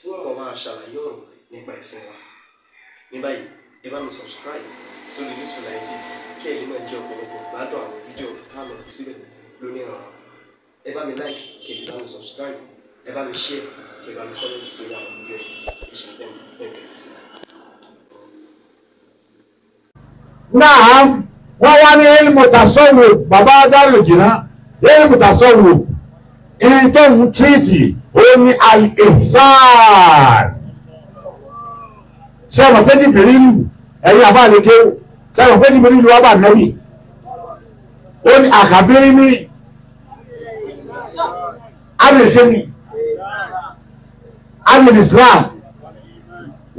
tí wọ́n mọ̀ máa ṣàlàyé ọ̀rọ̀ nípa ẹ̀sìn wa ní báyìí ẹ bá mi subscribe sórí Yusufullahi TV kí ẹ̀yin náà jẹ́ ọ̀pọ̀lọpọ̀ gbádùn àwọn fídíò tá a lọ fi síbẹ̀ lónìí ọ̀rọ̀ ẹ bá mi like kí ẹ sì bá mi subscribe ẹ bá mi share kí ẹ bá mi comment sórí àwọn fídíò yìí wọ́n wá ní ilmu tasawuf bàbá adáyọ̀ jìnnà ilmu tasawuf ìyẹn tíìtì ó ní al-ihsan sẹ́wọ̀n pé Jibrilu ẹ̀yin àbáàlékè sẹ́wọ̀n pé Jibrilu wà bá nẹ́bì ó ní àkàbírí ní alìsẹ́ni alìslam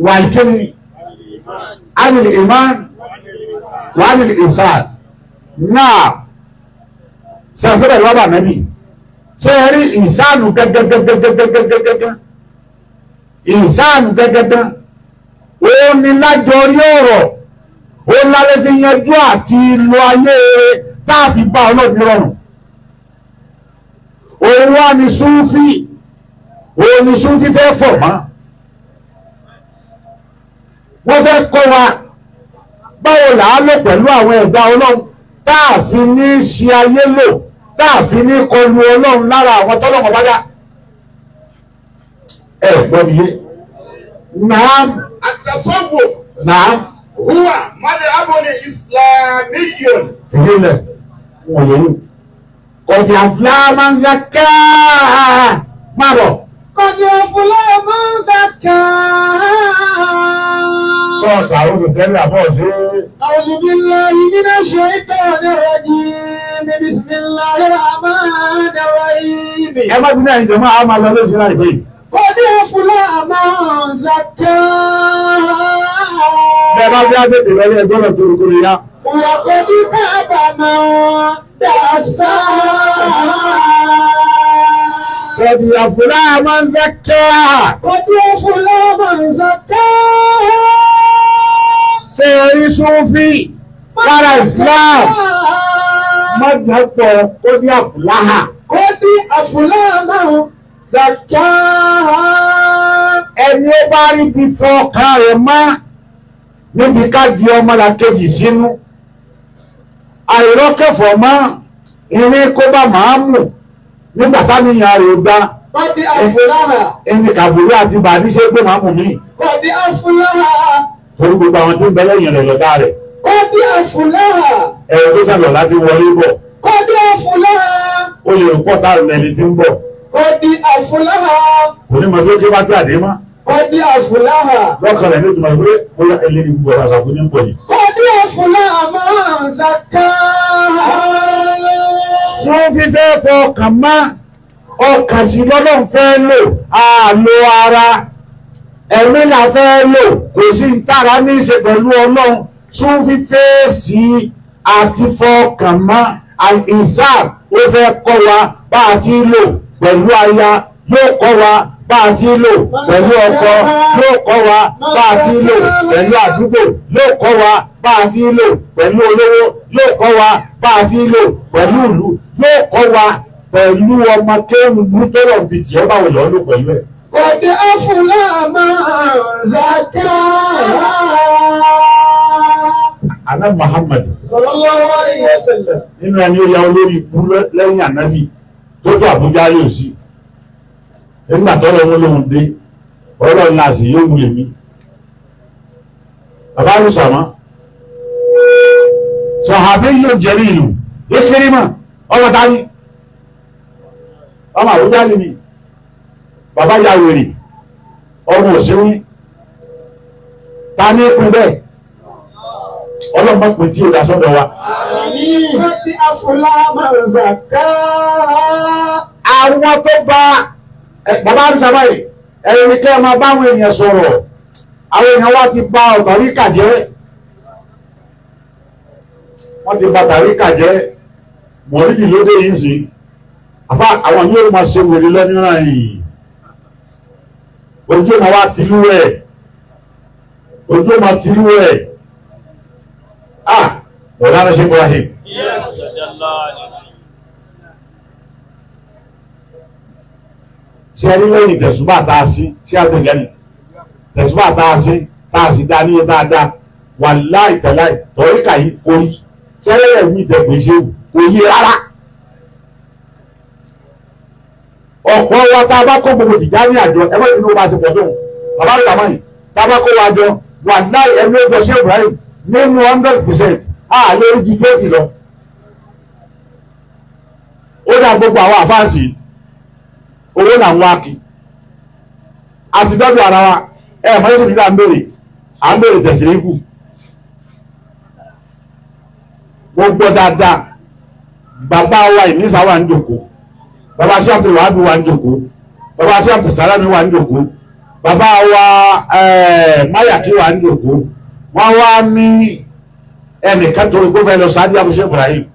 wàlìkẹ́ni alìlìmán wàlìlìsàn náà sẹ́wọ̀n pé Jibrilu wà bá nẹ́bì ṣé ẹ rí ìsáànù gẹ́gẹ́gẹ́gẹ́gẹ́gẹ́gẹ́gẹ́ ìsáànù gẹ́gẹ́gẹ́ ó ní lájọ orí ọ̀rọ̀ ó lálẹ́ fi yanjú àti lo ayé tá a fi bá ọlọ́ọ̀ni rọrùn òun wá ní súnfì òun ní súnfì fẹ́ fọ̀ mọ́ wọ́n fẹ́ kọ́ wa báwo làá lò pẹ̀lú àwọn ẹ̀dá ọlọ́run tá a ní ṣe ayé lò tá a fi ní kọlu ọlọ́run lára àwọn tọ́lọ́mọ bá dá ẹ gbọ́ mi yé náà. àtẹ̀sọ́gbò. náà. huwa mali aboni islamiyun. fìdí lẹ wọn yẹ yìí. kọjá fúlàmù zakaa má bọ̀. قد يفلح من زكاها صلى الله عليه وسلم أعوذ بالله من الشيطان الرجيم بسم الله الرحمن الرحيم ẹ má bínú ẹ̀yin jàmáà a máa lọ lóṣù láìpẹ́ yìí. قد يفلح من زكاها bẹ́ẹ̀ bá fi àgbẹ̀tẹ̀ lọ ilé ẹgbẹ́ rẹ̀ tó rúkúrú yá. وقد خاب من دساها. قد يفلح من زكاها قد يفلح من زكاها سيري صوفي lára islam mọ́jọ́pọ̀ ó ní àfúláhà. ó ní àfúláhà náà zàkà. ẹni ó bá rí bí fọ ọkà rẹ̀ níbi ká di ọmọlàkejì sínú àìrọ́kẹ̀fọ́ mọ́ irin kó bá màá mú nígbà táníyàn rẹ̀ gbá Bọ́dé àfúláhà. Ẹni kàbúrú àti bàdí ṣe pé màmú mi. Bọ́dé àfúláhà. Torí gbogbo àwọn tí ń bẹ lẹ́yìn rẹ̀ lọ́dá rẹ̀. Bọ́dé àfúláhà. Ẹ̀rọ tó sàlọ̀ láti wọlé bọ̀. Bọ́dé àfúláhà. O lè rò pọ̀tà ẹni tí ń bọ̀. Bọ́dé àfúláhà. Kò ní mọ̀ tó ké bá tí àdé mọ́. Bọ́dé àfúláhà. Lọ́kàn rẹ̀ ní ìtumọ̀ pé ó yá ẹlẹ́ni gbogbo ọ̀rọ̀ àṣàkóní ń pọ̀ yìí. Bọ́dé àfúláhà máa ń sún fífẹ́ fọkàn má ọkàn sí lọ́lọ́run fẹ́ lò àlò ara ẹ̀mí là fẹ́ lò kò sí ń tààrà ní í ṣe pẹ̀lú ọlọ́run sún fífẹ́ sí àti fọkàn má ìsá ló fẹ́ kọ́ wa bá a ti lò pẹ̀lú aya yóò kọ́ wa bá a ti lò pẹ̀lú ọkọ yóò kọ́ wa bá a ti lò pẹ̀lú àdúgbò yóò kọ́ wa bá a ti lò pẹ̀lú olówó yóò kọ́ wa bá a ti lò pẹ̀lú ìlú yóò kọ́ wa pẹ̀lú ọmọ kéwù nítorí òbí tí ó bá wò lọ́ lò pẹ̀lú ẹ̀. Ọ̀dẹ afúnlá máa ń zàkà. Àná Muhammad. Sallallahu alaihi wasallam. Nínú ẹni ó olórí ikú lẹ́yìn ànábì tó tó Àbújá yóò sí. Nígbà tó lọ́wọ́ lóhun dé, ọlọ́run náà sì yóò mú èmi. Bàbá Rúṣàmọ́. Sọ̀hábí yóò jẹ́rìí ìlú. Yóò kéré ọ̀rọ̀ ta ni ọmọ àwùjá níbi bàbá ya wèrè ọmọ òṣèwí ta ní pin bẹ́ẹ̀ ọlọ́mọ pè tí o dà sọ́dọ̀ wa. àwọn tó bá bàbá àrùsà báyìí ẹ̀yìn kẹ́ ẹ máa bá àwọn èèyàn sọ̀rọ̀ àwọn èèyàn wa ti bà ọ̀tàríkà jẹ́ wọ́n ti bà tàríkà jẹ́ mọ̀rídì ló dé yìí sí àfa àwọn yóò máa ṣe wèrè lọ́nìrán yìí ojú ọmọ wa ti lú ẹ̀ ojú ọmọ ti lú ẹ̀ ah mọ̀lá rẹ̀ ṣe Ibrahim. ṣé ẹni lẹ́yìn tẹ̀sùbà tá a sí ṣé àgbẹ̀gẹ́ ni tẹ̀sùbà tá a sí tá a sì dá níye dáadáa wàláì tẹ̀láì tọ̀ríkà yìí orí sẹ́lẹ̀ mi tẹ̀ pé ṣé wù kò yé rárá ọ̀pọ̀ wa tá a bá kó gbogbo tìjà ní àjọ ẹ má ní ló bá ṣe pọ̀ tóun bàbá mi tàmá yìí tá a bá kó wa jọ wà láì ẹni ó gbọ́ ṣé Ibrahim nínú hundred percent a lè rí ju twenty lọ ó dá gbogbo àwọn àfáàsì owó là ń wá kí àti dọ́dọ̀ ara wa ẹ mọ̀ ẹ́sìn nígbà ń béèrè à ń béèrè tẹ̀sílẹ̀ fún gbogbo dáadáa bàbá wa ìmísà wà ń jòkó bàbá sí àti wàhábì wà ń jòkó bàbá sí àti sàlámì wà ń jòkó bàbá wa eh, máyàkí wà ń jòkó wọ́n wá ní ẹnìkan tó ló fẹ́ lọ sáájú àfúnṣe Ibrahim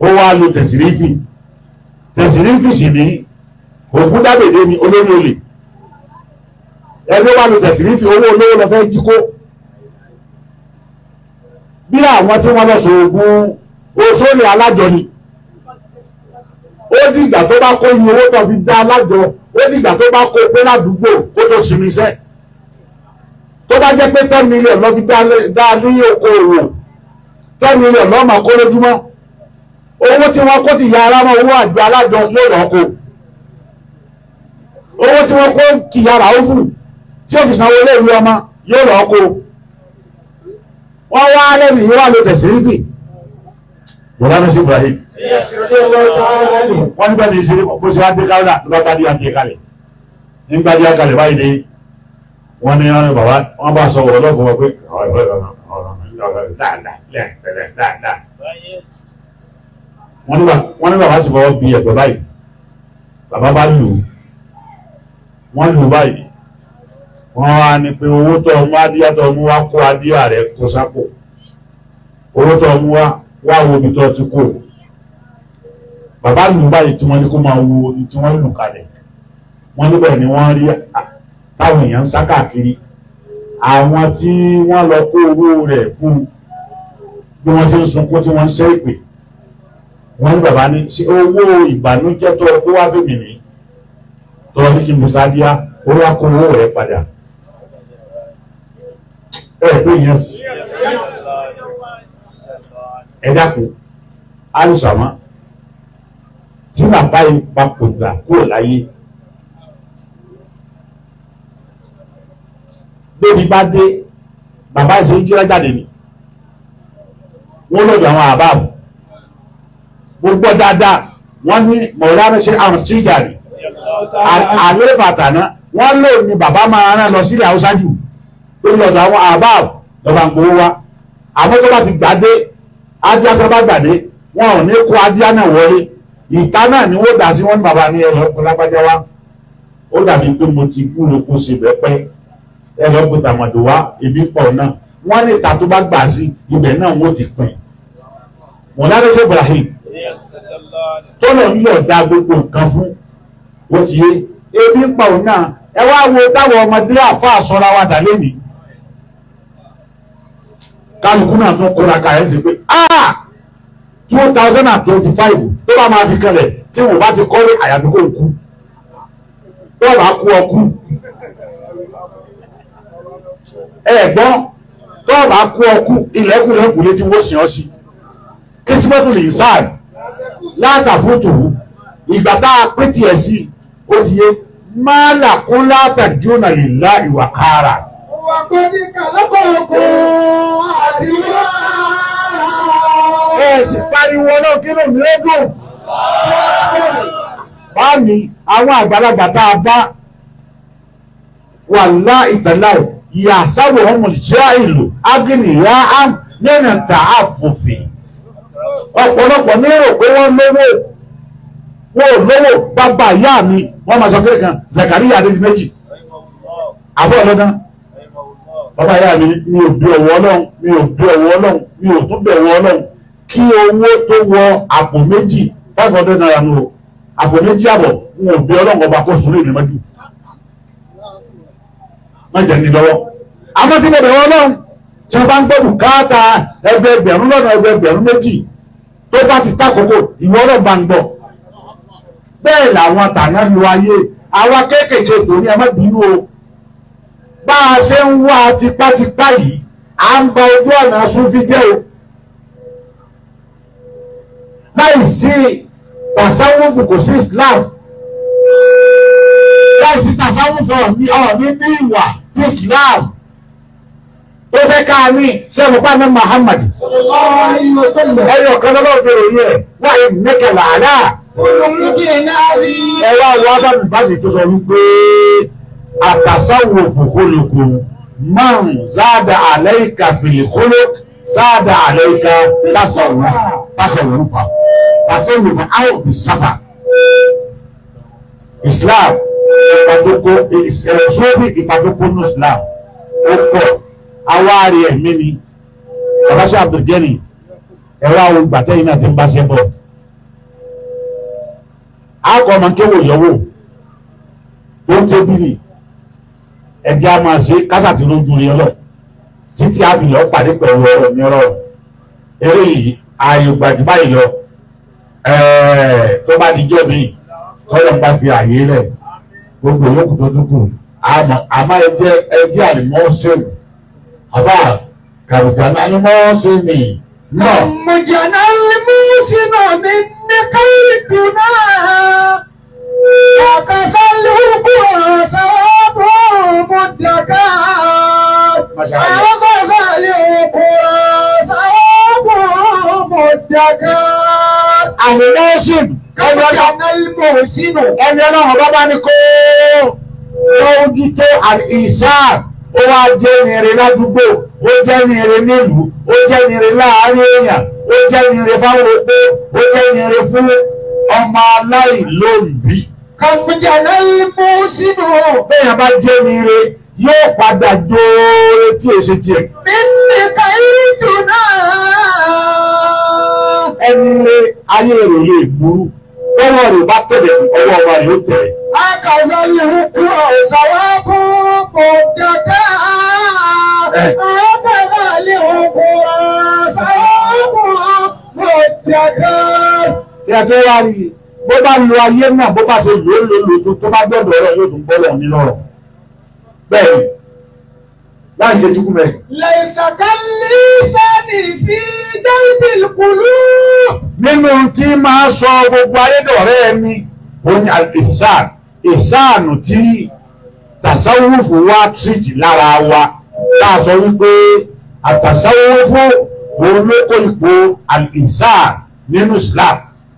ó wá lo tẹ̀sírífì tẹ̀sírífì sì ní òkú dábèdé ni olórí olè ẹni wá lo tẹ̀sírífì owó olówó lọ fẹ́ jí kó bí àwọn tí wọ́n lọ sọ ogún oṣó ni alájọ ni ó dìgbà tó bá kó iye owó tó fi dá alájọ ó dìgbà tó bá kó pé ládùúgbò kó tó sinmi iṣẹ́ tó bá jẹ́ pé ten million lọ́ fi dá ní okòòwò ten million lọ́ máa kó lójúmọ́ owó tí wọ́n kó ti ya ara mọ́ owó àjọ alájọ yóò lọ́ kó owó tí wọ́n kó ti yàrá ó fún tí ó fi sanwó ilé ìwé ọmọ yóò lọ́ kó wọ́n wá lẹ́nu ìwà ló tẹ̀sí rí mọ̀lánà sí Ibrahim wọ́n nígbà tí ìṣeré kó sí adékálà ló bá gbadé àti ìkalẹ̀ nígbà tí àkalẹ̀ báyìí dé wọ́n ní ọ̀rẹ́ bàbá wọ́n bá sọ wọ́n lọ́kùn wọn pé wọ́n ní bàbá sì fọwọ́ bí ẹ̀gbẹ́ báyìí bàbá bá lù wọ́n lù báyìí wọ́n wá ní pé owó tó ọmú adíyàtọ̀ ọmú wá kó adíyà rẹ̀ kó sápò owó tó ọmú wá wá wo ibi tó ti kó bàbá lù báyìí tí wọ́n ní kó máa wo tí wọ́n lù kalẹ̀ wọ́n níbẹ̀ ni wọ́n rí táwọn èèyàn ń sá káàkiri àwọn tí wọ́n lọ kó owó rẹ̀ fún bí wọ́n ti ń sunkún tí wọ́n ń ṣe ìpè wọ́n ní bàbá ní ṣe owó ìbànújẹ́ tó kó wá fèmí ní tọ́lọ́ ní kí n bùsà díá orí akó owó rẹ̀ padà ẹ̀ pé yẹn sí ẹ dákun alùsàmá tí bàbá yìí papòdà kúrò láyé lórí bá dé bàbá ṣe ń jíra jáde ni wọ́n lọ́dọ̀ àwọn àbáàbò gbogbo dáadáa wọ́n ní mọ̀lára ṣe àwọn tí ìjà rẹ̀ àlẹ́fà tàná wọ́n lò ní bàbá máa rán lọ sílẹ̀ haúsá jù lórí ọ̀dọ̀ àwọn àbáàbò lọ́ba ń gbowó wa àwọn tó bá ti gbà dé ajá tó bá gbàdé wọn ò ní kó ajá náà wọlé ìta náà ni wọ́n dà sí wọn bàbá ní ẹlọ́pẹ́ lágbájá wa ó dàbí pé mo ti kú lóko sí bẹ́pẹ́ ẹlọ́pẹ́ tàmọ̀dò wa ebi pọ̀ náà wọ́n ní ìta tó bá gbà sí ibẹ̀ náà wọ́n ti pín mọ̀lára ṣe Ibrahim tọ́lọ̀ ń yọ̀ọ̀da gbogbo nǹkan fún ó ti yé ebi pọ̀ náà ẹ wá wo táwọn ọmọdé àfa àsọra wa dà lẹ́nìí kálukú náà tún kóra ká ẹ̀ ń sè pé ah two thousand and twenty five tó bá máa fi kalẹ̀ tí wọ́n bá ti kọ́lé àyàfi kó kú tó bá kú ọ kú ẹ̀gbọ́n tó bá kú ọ kú ilẹ̀kùnlẹ̀kùn létí wọ́n sìn ọ́ sí kírísímọ́tò lè sáàrì látàfótò ìgbà tá a pé tiẹ̀ sí ó ti yé máàlà kún látàdúnà lè lá ìwà kára. Wàkọ́dí kàlábà oko àti wá. Ẹ sì pariwo náà kí ló ń lẹ́gùn. Bá mi, àwọn àgbàlagbà tá a bá wà lá ìtàlá ẹ̀, ìyá àṣàwò ọmọ ìṣẹ́ ìlú, Ágìnì ìyá Ám nínú ta àfòfin. Ọ̀pọ̀lọpọ̀ ní rò pé wọ́n lówó wọn lówó bàbá ìyá mi wọ́n máa sọ pé kan Zakariya Adéjì méjì àfọ̀ ọ̀lọ́dán bàbá yà mí mi ò bí ọwọ́ ọlọ́run mi ò bí ọwọ́ ọlọ́run mi ò tún bẹ̀rù ọlọ́run kí owó tó wọ àpò méjì five hundred naira nù o àpò méjì àbọ̀ n ò bí ọlọ́run ọba kó sùúrù èmi mọ́jú má jẹ́ ní lọ́wọ́ àmọ́ tí mo bẹ̀rù ọlọ́run tí wọ́n bá ń gbọ́ bùkátà ẹgbẹẹgbẹ̀rún lọ́nà ẹgbẹẹgbẹ̀rún méjì tó bá ti tákòókò ìwọ ọlọ́run bá ń gbọ́ bẹ́ẹ̀ làwọn tàná lu ayé àwa kéékèèké tòní ẹ má bínú o bá a ṣe ń wá tipátipá yìí à ń gba ojú ọ̀nà súnfí jẹ́ o láì sí tasawufu kò sí Islam láì sí tasawufu ọ̀mí ọ̀mí ní ìwà ti Islam ó fẹ́ ká ní sẹ́nu pàmò Muhammad ẹ̀yọ̀ kan lọ́wọ́ fi ròyìn ẹ̀ wáyé nìkẹ̀lá àlá. olùmúkè náà rí. ẹ wá wọ aṣáájú tó sọ wípé àtàsáwòfò kólókó máa ń záàdà àlẹ́yìká fìlìkóló záàdà àlẹ́yìká tásọ̀wò tásọ̀wòfà tásọ̀wòfà áwò bí sáfà Islam ìpàdókò sófì ìpàdókò ní Islam ó pọ̀ awárí ẹ̀mí ni abáṣá Abdulgani ẹ̀rọ àwọn gbàtẹ́yìn náà ti ń bá sẹ́bọ̀ akọ̀ ọmọ kéwòyẹ̀wò tó ń tẹ́bìlì ẹjẹ́ a máa ṣe kásàtì lójú rí ọlọ́ títí àfihàn pàdé pẹ̀lú ọ̀rọ̀ mi ọ̀rọ̀ eré yìí ààyè gbàjú báyìí lọ tó bá dijọ́ mi tọ́lọ̀ ń bá fi àyè lẹ̀ gbogbo yòókù tó dúkù àmọ́ ẹjẹ́ ẹjẹ́ àlùmọ́ọ́sẹ̀lù àbá kàrùkàmí àlùmọ́ọ́sẹ̀lù náà. mọ̀jàná lè mú sínú mi ní káyìí dùn náà. وتسلق ثواب مدكار وتسلق ثواب مدكار الموسم ẹni ọlọ́run bá bá ní kó lójú tó àìsàn ó wá jẹ́ nìire ládùúgbò ó jẹ́ nìire nílùú ó jẹ́ nìire láàárín èèyàn ó jẹ́ nìire fáwọn opó ó jẹ́ nìire fún ọmọ aláìlóǹbí ọ̀pìjànà imú sínú. bẹ́ẹ̀ bá jẹ́ mi re yóò padà jóore tí èsì tiẹ̀. nínú ìka ìdù náà. ẹni re ayé rẹ̀ lè burú lọ́wọ́ rẹ̀ bá tẹ̀lé ọwọ́ ọba rẹ̀ ó tẹ̀. akàzọ yìí kú ọ̀sán wá kú kò dàgbà. akàzọ yìí kú ọ̀sán wá kú kò dàgbà. tí wá rí i bó bá lo ayé náà bó bá ṣe lò ó lò lò tó bá gbọ́dọ̀ ọ̀rọ̀ yóò tún bọ́lọ̀ ní lọ́rọ̀ bẹ́ẹ̀ ni láì ṣe dúkú mẹ́rin. lẹ́sàkálí sani fi dáìbìl kùlú. nínú tí máa sọ gbogbo ayédọ̀rẹ́ ẹni òun ìsàn ìsàn tí tàṣàwùfù wa tìrìtì lára wa tá a sọ wípé àtàṣàwùfù òun ló àìsàn nínú Islam.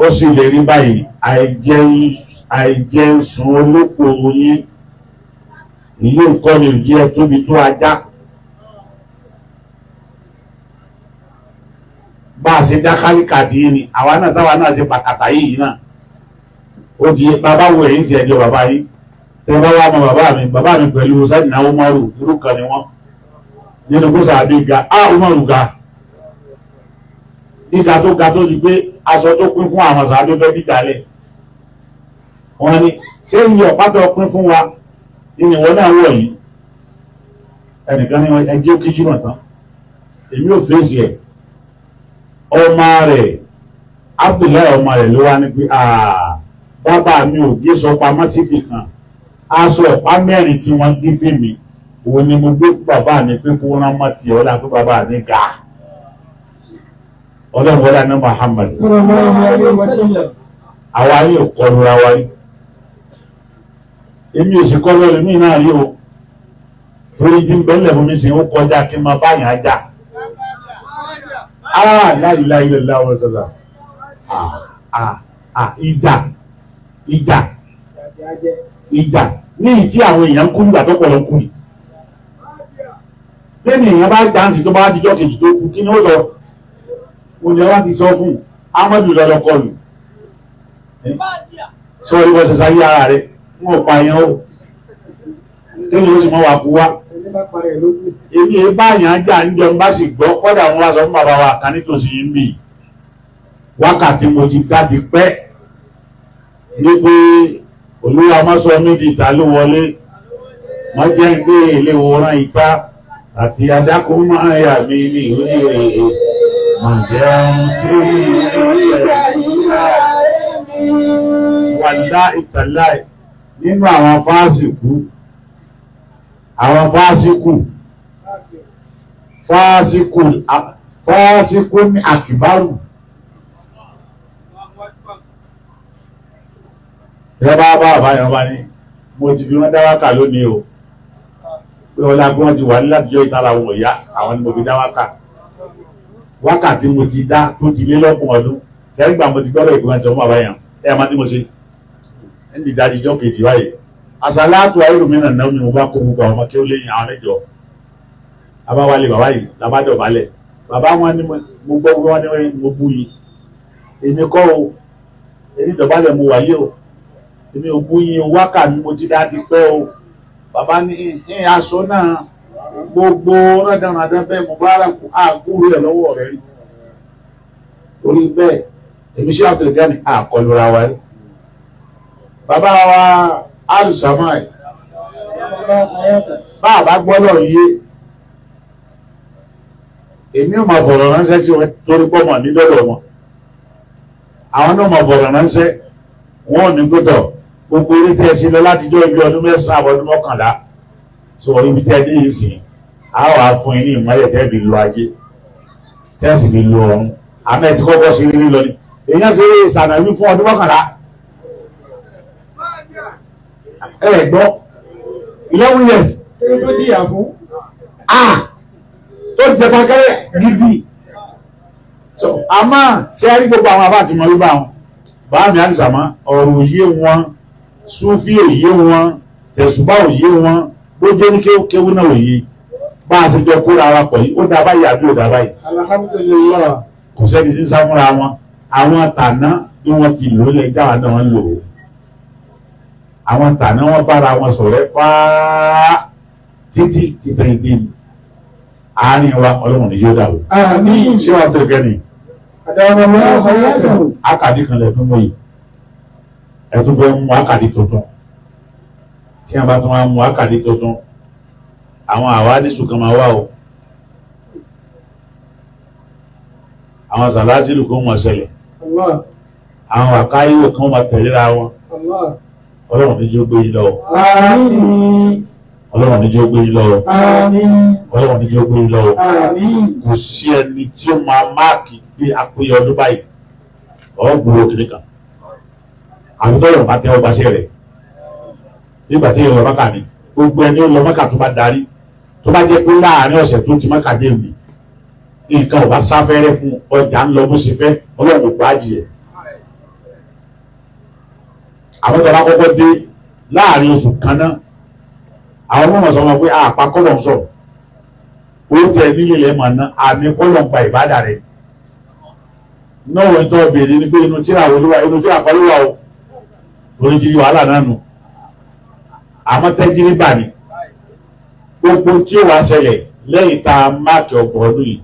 ó sì lè rí báyìí àìjẹunsun olóko yín ìyí nǹkan ni òjì ẹ tóbi tó ajá bá a ṣe dá kálíkà tí yín ni àwa náà táwa náà ṣe pàkàtà yìí náà ó di bàbá wo èyí ti ẹjọ́ bàbá yìí tẹ bá wà mọ bàbá mi bàbá mi pẹ̀lú sẹ́yìn náà ó mọ̀rù ni wọ́n nínú kó sàbí ga á ó mọ̀rù ga gíga tó ga tó di pé aṣọ tó pín fún àwọn sàádó fẹ́ bí jalè wọn ni ṣé iye ọ̀pátọ̀ pín fún wa ìnìwọ náà wọ̀ yìí ẹnìkan ní ẹjẹ́ kíjú náà tán èmi ò fèsì ẹ̀ ọmọ rẹ̀ Abdullahi ọmọ rẹ̀ ló wá ní pé bàbá mi ò gbé sọ pamọ́ síbì kan aṣọ ọ̀pá mẹ́rin tí wọ́n gbé fèmí òun ni mo gbé bàbá mi pé kó rán mọ́ tiẹ̀ ọ́ la pé bàbá mi ga ọlọ́gbọ́lá ní Muhammad àwa yóò kọlura wa rí èmi ò sì kọlu ẹlòmíì náà rí o torí tí ń bẹ́lẹ̀ fún mi sì ń kọjá kí n máa báyìí ajá ah láìláì lọ́la ọ̀rọ̀tọ̀lá ìjà ìjà ìjà ní ìtí àwọn èèyàn kú nígbà tó pọ̀lọ́ kú yìí lẹ́nu èèyàn bá dáǹsì tó bá dijọ́ kejì tó kú kí ni ó lọ òyìn wọn ti sọ fún amadu lọlọkọlù sọ orí bọ́sẹ̀ sáyé ara rẹ̀ wọn ò pa yẹn o lẹ́yìn oṣù mọ́ wà kú wá èmi ẹ bá yàn ájà níjọ ń bá sì gbọ́ kọ́dà wọn wá sọ fún bàbá wa kan yìí ń bì wákàtí mo ti dá ti pẹ́ ní pé olúwa mọ́sọ mi di ìta ló wọlé wọ́n jẹ́ ń gbé ilé wòran ìta àti adákùnmáyà mi ní ìwé ìròyìn. Màdẹ́mùsí ìgbà ìyá ẹ̀mí. Wàlá ìtàláì nínú àwọn fásikù, àwọn fásikù, fásikù, fásikù ní àkìbárù. Ìjọba bá àbáyọ̀ wá ní, mo ti fi wọ́n dáwákà lónìí o. Pé ọlá gbọ́n ti wà ní láti jọ àwọn ni mo fi dáwákà wákàtí mo ti dá tó di lé lọ́kùn ọdún sẹ́yìn gbà mo ti gbọ́dọ̀ ìgbìmọ̀ tí wọ́n bá yàn ẹ̀ máa tí mo ṣe ń di dájú ijọ́ kejì báyìí àsàlátù ayélujára náà ni mo bá kó gbogbo àwọn ọmọ kí ó léyìn àwọn mẹ́jọ abáwálé bàbá yìí labádọ̀bálẹ̀ bàbá wọn ni mo gbọ́ wọn ni mo bú yìí èmi kọ́ o èmi dọ̀bálẹ̀ mo wà yìí o èmi ò bú yìí o wákàtí mo ti dá ti pẹ́ o bàbá ní aṣọ náà gbogbo rádaràdá bẹ́ẹ̀ mubarak àkúrú ẹ̀ lọ́wọ́ rẹ̀ rí torí bẹ́ẹ̀ èmi ṣe àbẹ̀gánì àkọlùra wa rí bàbá wa alùsàmáì bá a bá gbọ́dọ̀ yé èmi ò máa fọ̀rọ̀ ránṣẹ́ sí wọn torí pọ̀ mọ̀ ní dọ́dọ̀ wọn àwọn náà máa fọ̀rọ̀ ránṣẹ́ wọn ò ní gbọ́dọ̀ gbogbo eré tí ẹ ṣe lọ látijọ́ ibi ọdún mẹ́sàn-án àbọ̀dún mọ́kànlá so ibi tẹ́ dé yìí sìn á wà fún yín ní ìmọ̀lẹ̀ tẹ́ fi lọ ayé tẹ́ sì fi lọ ọ̀run àmọ́ ẹ ti kọ́kọ́ sí rí lọ ni èèyàn ṣe ìsànàwí fún ọdún mọ́kànlá ẹ gbọ́ eleven years. èyí tó di ìyà fún. ah tó jẹ pàkẹ́rẹ́ gidi àmọ́ ṣe rí gbogbo àwọn abáàtì mọ̀ wípé àwọn báàmì àdìsàmọ́ ọ̀rọ̀ òye wọn súnfí òye wọn tẹ̀sùbá òye wọn bó jẹ́ ní kéwú kéwú náà yìí bá a ṣe jọ kóra wa pọ̀ yìí ó dá báyìí àbí ò dá báyìí. alhamdulilayi. kò sẹ́ni sí sáfúnra wọn àwọn tàná bí wọ́n ti lò ó lẹ́ dáhà náà ń lò ó àwọn tàná wọn bára wọn sọ̀rọ̀ fáá títí títẹ̀ ìdí ni àárín wa ọlọ́run ni yóò dàrú. àmín ṣé wàá tó gẹ́ni. àdáwọn ọmọ ọmọ ọmọ ọmọ. akadi kan lẹ́ẹ̀tún mọ́ yìí ẹ̀tún fẹ́ mú akadi tuntun tí wọn bá tún wá mú àkàdé tuntun àwọn àwádìsù kan máa wà o àwọn sàlásìlù kan máa ṣẹlẹ̀ àwọn àkáyíwò kan máa tẹ̀léra wọn ọlọ́run ní jó gbé yín lọ ọlọ́run ní jó gbé yín lọ ọlọ́run ní jó gbé yín lọ kò sí ẹni tí ó máa máàkì pé apóyọ ọdún báyìí ọ̀gbùn òkèlè kan àbúdọ̀rọ̀ bá tẹ́wọ́ gbaṣẹ́ rẹ̀ nígbà tí yẹn lọ mọ́kà ni gbogbo ẹni ó lọ mọ́kà tó bá darí tó bá jẹ́ pé láàárín ọ̀sẹ̀ tó ti mọ́kà dé mi nǹkan ò bá sáfẹ́rẹ́ fún ọjà ń lọ bó ṣe fẹ́ ọlọ́run kò á jìyẹ. àwọn tó bá kọ́kọ́ dé láàárín oṣù kan náà àwọn ọmọ sọ wọn pé àpá kọ́lọ̀ ń sọ̀rọ̀ ó tẹ nílé yẹn mọ̀ ná àmì kọ́lọ̀ ń pa ìbádà rẹ̀ náà wọ́n tó béèrè ni pé inú tíra olúwa inú tíra pẹ̀lú wa o torí jí wàhálà náà nù àmọ́ tẹ́jìrìbà ni gbogbo tí ó wá ṣẹlẹ̀ lẹ́yìn tá a máàkì ọ̀pọ̀ ọdún yìí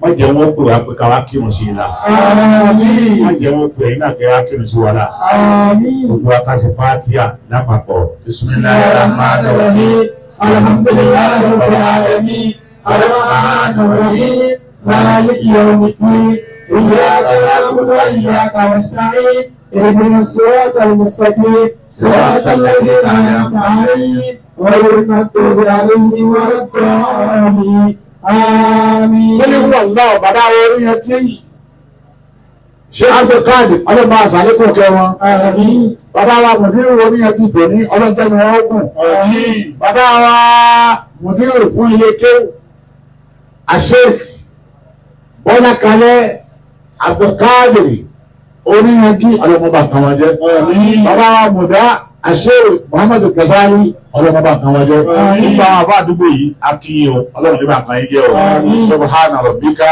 wọ́n jẹ́ wọ́n pè wá pé ká wá kírun sí i la wọ́n jẹ́ wọ́n pè ẹ̀yin náà kẹ́ wá kírun sí wa la gbogbo wa ká ṣe fàtíà lápapọ̀ bisimilayi rahman rahim alhamdulilayi rabbil alamin rahman rahim maliki yawmiddin iyyaka na'budu wa iyyaka nasta'in. اهدنا الصراط المستقيم صراط الذين انعمت عليهم غير المغضوب عليهم ولا الضالين آمين. قل هو الله بدا وري يكي ṣé abdulkadi ọlọ́ba àṣàlékún kẹ wọn. bàbá wa mùdírù oníyanjú tòní ọlọ́jẹ́ ni wọ́n kù. bàbá wa mùdírù fún ilé kéwù àṣẹ bọ́lá kalẹ̀ abdulkadi oníyanjú ọlọ́mọba kan wọn jẹ́ bàbá wa mọ̀dá àṣẹ Muhammadu Kasali ọlọ́mọba kan wọn jẹ́ nípa àbá àdúgbò yìí akínyìn ọlọ́mọba kan yìí jẹ́ o subhana rabbika.